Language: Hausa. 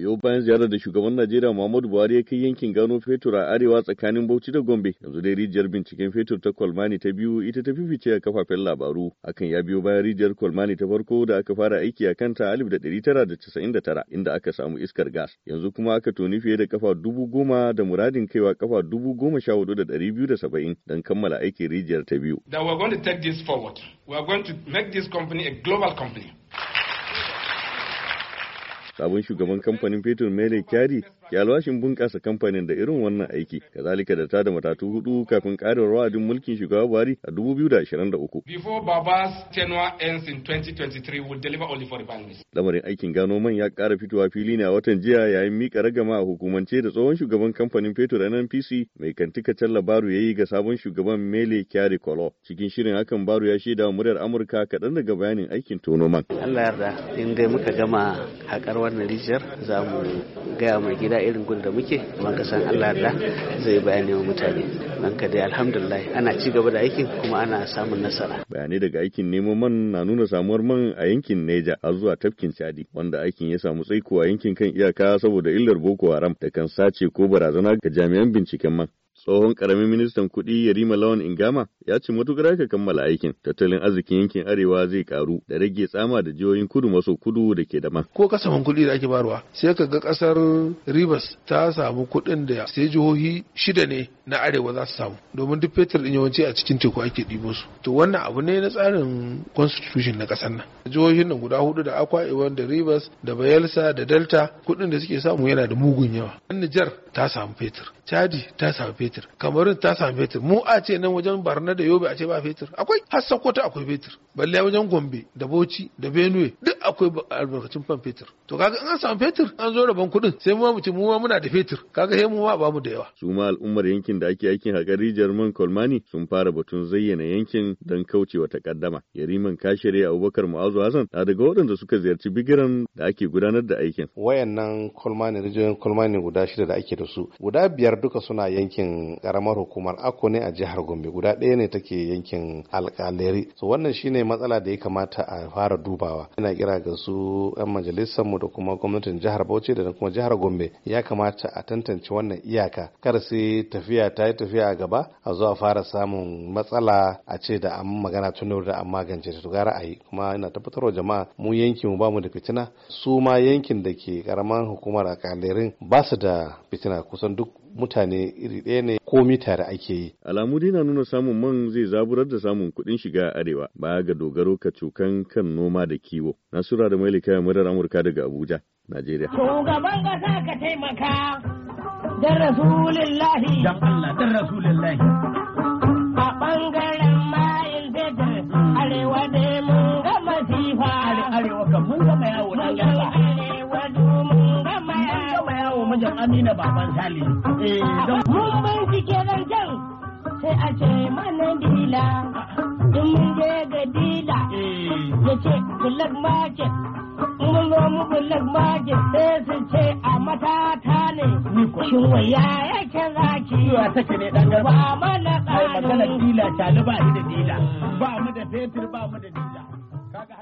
biyo bayan ziyarar da shugaban Najeriya Muhammadu Buhari ya kai yankin gano fetur a arewa tsakanin Bauchi da Gombe yanzu dai rijiyar binciken fetur ta Kwalmani ta biyu ita ta fifice a kafafen labaru akan ya biyo bayan rijiyar Kwalmani ta farko da aka fara aiki a kanta a 1999 inda aka samu iskar gas yanzu kuma aka toni fiye da kafa dubu goma da muradin kaiwa kafa dubu goma sha hudu da ɗari biyu da saba'in don kammala aikin rijiyar ta biyu. That we are going to take this forward. We are going to make this company a global company. sabon shugaban kamfanin fetur mele kyari ke alwashin bunƙasa kamfanin da irin wannan aiki kazalika da ta da matatu hudu kafin karewar wa'adin mulkin shugaba Buhari a 2023 before lamarin aikin gano man ya kara fitowa fili ne a watan jiya yayin mika ragama a hukumance da tsohon shugaban kamfanin fetur NNPC mai kantika labaru ya yi ga sabon shugaban Mele Kyari Kolo cikin shirin hakan Baru ya shaida wa muryar Amurka kaɗan daga bayanin aikin tono man Allah yarda in muka gama haƙar wannan rijiyar za mu gaya mai gida irin gudu da muke kuma ka san Allah da zai bayani wa mutane don ka dai alhamdulillah ana ci gaba da aikin kuma ana samun nasara bayanai daga aikin neman man na nuna samuwar man a yankin Neja a zuwa tafkin Chadi wanda aikin ya samu tsaiko a yankin kan iyaka saboda illar Boko Haram da kan sace ko barazana ga jami'an binciken man tsohon karamin ministan kuɗi Yarima Lawan Ingama ya ce matukar aka kammala aikin tattalin arzikin yankin arewa zai karu da rage tsama da jihohin kudu maso kudu da ke dama. Ko kasafin kuɗi da ake barwa sai ka ga kasar Rivers ta samu kuɗin da sai jihohi shida ne na arewa za su samu domin duk fetur din yawanci a cikin teku ake ɗibo su. To wannan abu ne na tsarin constitution na ƙasar nan. Jihohin nan guda hudu da Akwa Iwan da Rivers da Bayelsa da Delta kuɗin da suke samu yana da mugun yawa. Nijar ta samu fetur chadi ta samu fetur kamarun ta samu fetur mu a ce nan wajen barna da yobe a ce ba fetur akwai har sokoto akwai fetur balle wajen gombe da bauchi da benue duk akwai albarkacin fan fetur to kaga an samu fetur an zo rabon kuɗin sai mu mu ce mu ma muna da fetur kaga sai mu ma ba mu da yawa su ma al'ummar yankin da ake aikin haƙar rijiyar man kolmani sun fara batun zayyana yankin don kaucewa takaddama yariman kashire abubakar mu'azu hassan na daga waɗanda suka ziyarci bigiran da ake gudanar da aikin wayannan kolmani rijiyoyin kolmani guda shida da ake da su guda biyar duka suna yankin karamar hukumar ako ne a jihar gombe guda ɗaya ne take yankin alkaleri so wannan shine matsala da ya kamata a fara dubawa ina kira ga su yan majalisar mu da kuma gwamnatin jihar bauchi da kuma jihar gombe ya kamata a tantance wannan iyaka kar sai tafiya ta yi tafiya a gaba a zo a fara samun matsala a ce da an magana tun da an magance ta gara a yi kuma ina tabbatar tabbatarwa jama'a mu yankin mu bamu da fitina su ma yankin da ke karamar hukumar alkalerin ba su da fitina kira kusan duk mutane iri ɗaya ne komi tare ake yi. Alamu dai na nuna samun man zai zaburar da samun kuɗin shiga a arewa baya ga dogaro ka cokan kan noma da kiwo. Nasura da Mailika ya murar Amurka daga Abuja, Najeriya. Shugaban ƙasa ka taimaka dan Rasulillahi. Dan Allah dan Rasulillahi. wajen Amina Baban sali. Eh, mun bincike jan sai a ce mana dila. In je ga dila eh. ya ce bulag market. Mun zo mu bulag market sai su ce a matata ne. Shin waya yake zaki. take ne Ba mana Ba mu da fetur ba mu da dila.